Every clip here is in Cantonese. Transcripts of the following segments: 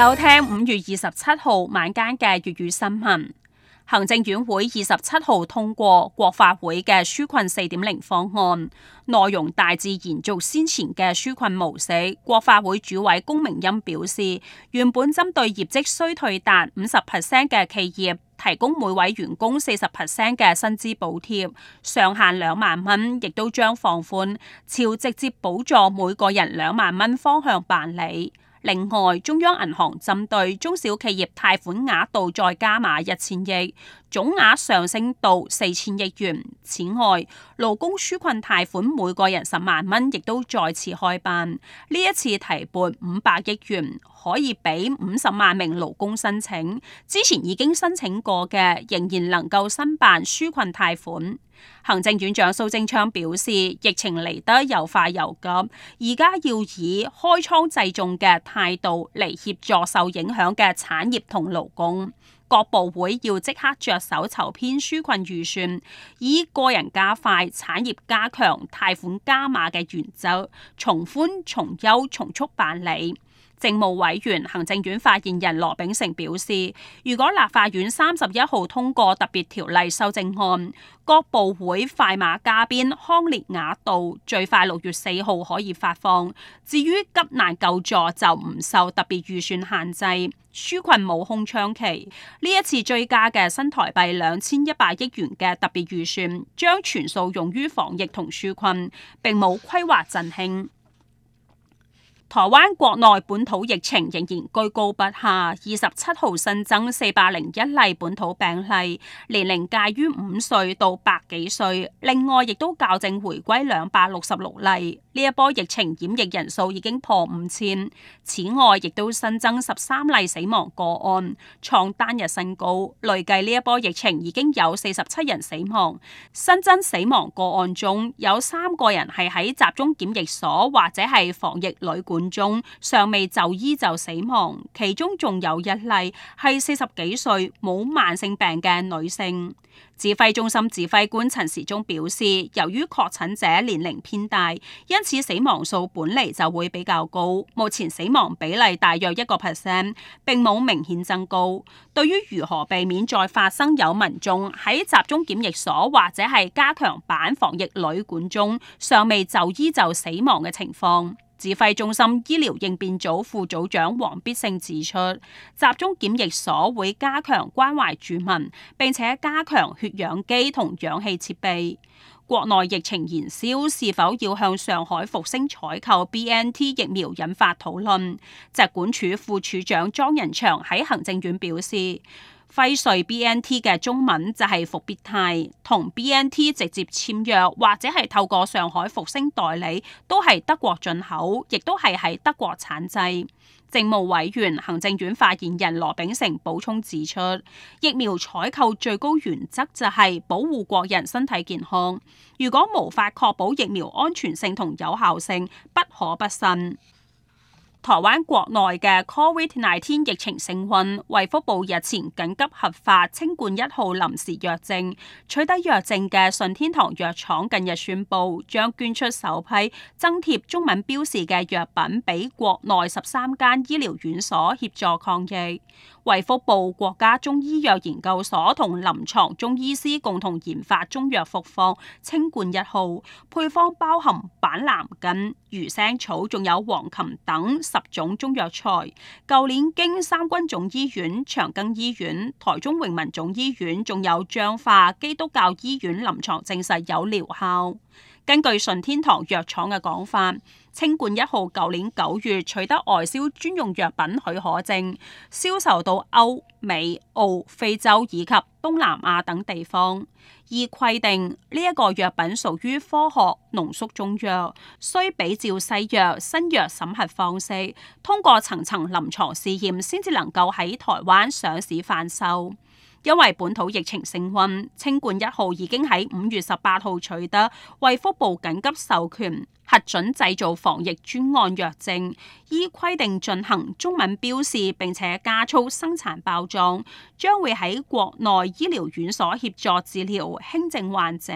收聽五月二十七號晚間嘅粵語新聞。行政院會二十七號通過國發會嘅紓困四點零方案，內容大致延續先前嘅紓困模式。國發會主委龔明鑫表示，原本針對業績衰退達五十 percent 嘅企業，提供每位員工四十 percent 嘅薪資補貼，上限兩萬蚊，亦都將放寬，朝直接補助每個人兩萬蚊方向辦理。另外，中央銀行針對中小企業貸款額度再加碼一千億，總額上升到四千億元。此外，勞工紓困貸款每個人十萬蚊，亦都再次開辦。呢一次提撥五百億元，可以俾五十萬名勞工申請。之前已經申請過嘅，仍然能夠申辦紓困貸款。行政院長蘇貞昌表示，疫情嚟得又快又急，而家要以開倉濟眾嘅態度嚟協助受影響嘅產業同勞工。各部會要即刻着手籌編紓困預算，以個人加快、產業加強、貸款加碼嘅原則，從寬、從優、從速辦理。政務委員、行政院發言人羅秉成表示，如果立法院三十一號通過特別條例修正案，各部會快馬加鞭，康列雅道最快六月四號可以發放。至於急難救助，就唔受特別預算限制，紓困冇空窗期。呢一次追加嘅新台幣兩千一百億元嘅特別預算，將全數用於防疫同紓困，並冇規劃振興。台灣國內本土疫情仍然居高不下，二十七號新增四百零一例本土病例，年齡介於五歲到百幾歲。另外，亦都校正回歸兩百六十六例。呢一波疫情染疫人數已經破五千。此外，亦都新增十三例死亡個案，創單日新高。累計呢一波疫情已經有四十七人死亡。新增死亡個案中有三個人係喺集中檢疫所或者係防疫旅館，中尚未就醫就死亡，其中仲有一例係四十幾歲冇慢性病嘅女性。指揮中心指揮官陳時中表示，由於確診者年齡偏大，因此死亡數本嚟就會比較高。目前死亡比例大約一個 percent，並冇明顯增高。對於如何避免再發生有民眾喺集中檢疫所或者係加強版防疫旅館中尚未就醫就死亡嘅情況。指揮中心醫療應變組副組長王必勝指出，集中檢疫所會加強關懷住民，並且加強血氧機同氧氣設備。國內疫情延燒，是否要向上海復星採購 BNT 疫苗引發討論。疾管署副署長莊人祥喺行政院表示。輝瑞 BNT 嘅中文就係復必泰，同 BNT 直接簽約或者係透過上海復星代理，都係德國進口，亦都係喺德國產製。政務委員、行政院發言人羅秉成補充指出，疫苗採購最高原則就係保護國人身體健康，如果無法確保疫苗安全性同有效性，不可不慎。台灣國內嘅 COVID-19 疫情盛運，衛福部日前緊急核發清冠一號臨時藥證。取得藥證嘅順天堂藥廠近日宣布，將捐出首批增貼中文標示嘅藥品俾國內十三間醫療院所協助抗疫。為福部國家中醫藥研究所同臨床中醫師共同研發中藥複方清冠一號，配方包含板藍根、魚腥草，仲有黃芩等十種中藥材。舊年經三軍總醫院、長庚醫院、台中榮民總醫院，仲有彰化基督教醫院臨床證實有療效。根據順天堂藥廠嘅講法，清冠一號舊年九月取得外銷專用藥品許可證，銷售到歐美、澳、非洲以及東南亞等地方。而規定呢一個藥品屬於科學濃縮中藥，需比照西藥新藥審核方式，通過層層臨牀試驗，先至能夠喺台灣上市販售。因為本土疫情升溫，清冠一號已經喺五月十八號取得衛福部緊急授權，核准製造防疫專案藥證，依規定進行中文標示，並且加粗生產包裝，將會喺國內醫療院所協助治療輕症患者。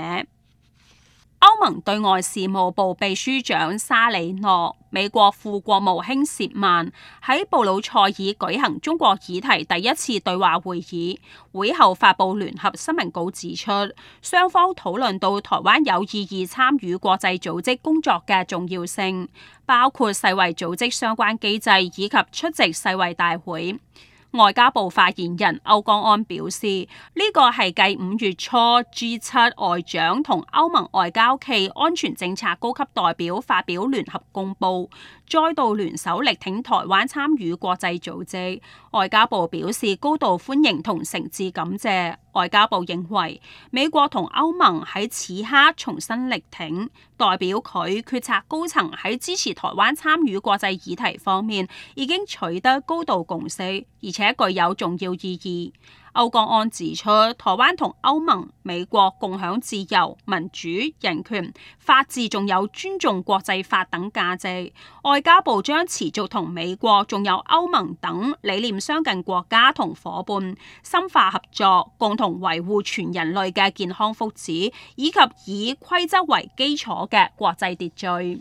歐盟對外事務部秘書長沙里諾、美國副國務卿薛曼喺布魯塞爾舉行中國議題第一次對話會議，會後發佈聯合新聞稿指出，雙方討論到台灣有意義參與國際組織工作嘅重要性，包括世衛組織相關機制以及出席世衛大會。外交部發言人歐江安表示，呢、這個係繼五月初 G 七外長同歐盟外交暨安全政策高級代表發表聯合公報，再度聯手力挺台灣參與國際組織。外交部表示高度歡迎同誠摯感謝。外交部認為，美國同歐盟喺此刻重新力挺，代表佢決策高層喺支持台灣參與國際議題方面已經取得高度共識，而且具有重要意義。歐江安指出，台灣同歐盟、美國共享自由、民主、人權、法治，仲有尊重國際法等價值。外交部將持續同美國仲有歐盟等理念相近國家同伙伴深化合作，共同維護全人類嘅健康福祉，以及以規則為基礎嘅國際秩序。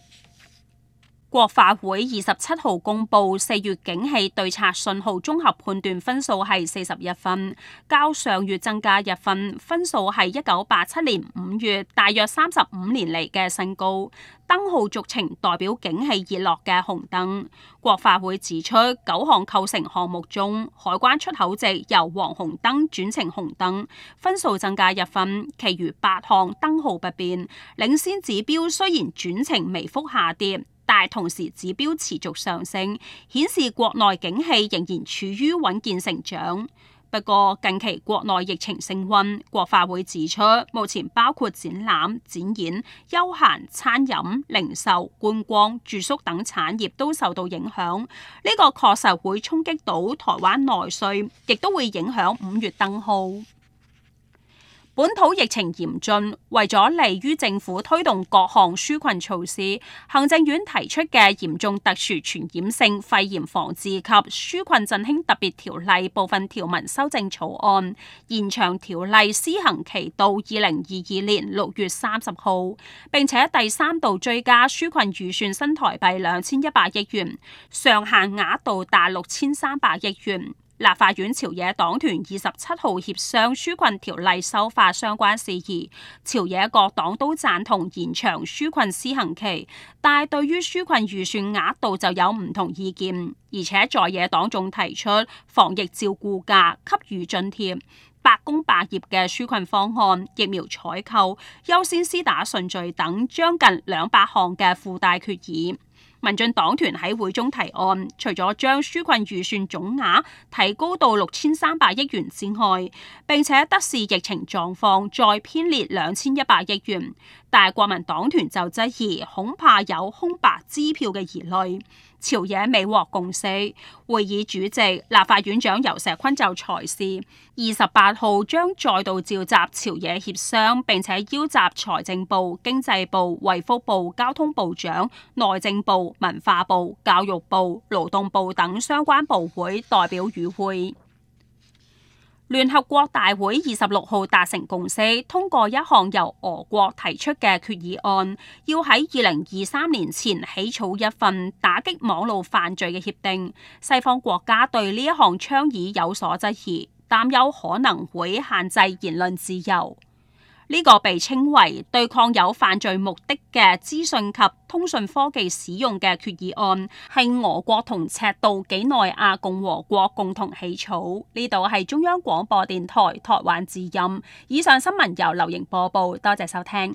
國發會二十七號公布四月景氣對策信號綜合判斷分數係四十一分，較上月增加一分，分數係一九八七年五月大約三十五年嚟嘅新高。燈號續呈代表景氣熱絡嘅紅燈。國發會指出，九項構成項目中，海關出口值由黃紅燈轉成紅燈，分數增加一分，其餘八項燈號不變。領先指標雖然轉呈微幅下跌。但同時指標持續上升，顯示國內景氣仍然處於穩健成長。不過近期國內疫情升溫，國發會指出，目前包括展覽展演、休閒餐飲零售、觀光、住宿等產業都受到影響，呢、這個確實會衝擊到台灣內需，亦都會影響五月燈號。本土疫情嚴峻，為咗利於政府推動各項紓困措施，行政院提出嘅《嚴重特殊傳染性肺炎防治及紓困振興特別條例》部分條文修正草案，延長條例施行期到二零二二年六月三十號，並且第三度追加紓困預算新台幣兩千一百億元，上限額度達六千三百億元。立法院朝野黨團二十七號協商紓困條例修法相關事宜，朝野各黨都贊同延長紓困施行期，但係對於紓困預算額度就有唔同意見，而且在野黨仲提出防疫照顧價給予津貼、百工百業嘅紓困方案、疫苗採購、優先施打順序等將近兩百項嘅附帶決議。民進黨團喺會中提案，除咗將紓困預算總額提高到六千三百億元之外，並且得視疫情狀況再編列兩千一百億元。但係，國民黨團就質疑，恐怕有空白支票嘅疑慮。朝野未獲共識，會議主席立法院長游錫堃就裁示二十八號將再度召集朝野協商，並且邀集財政部、經濟部、衛福部、交通部長、內政部、文化部、教育部、勞動部等相關部會代表與會。聯合國大會二十六號達成共識，通過一項由俄國提出嘅決議案，要喺二零二三年前起草一份打擊網路犯罪嘅協定。西方國家對呢一項倡議有所質疑，擔憂可能會限制言論自由。呢個被稱為對抗有犯罪目的嘅資訊及通訊科技使用嘅決議案，係俄國同赤道幾內亞共和國共同起草。呢度係中央廣播電台，台灣之音。以上新聞由劉盈播報，多謝收聽。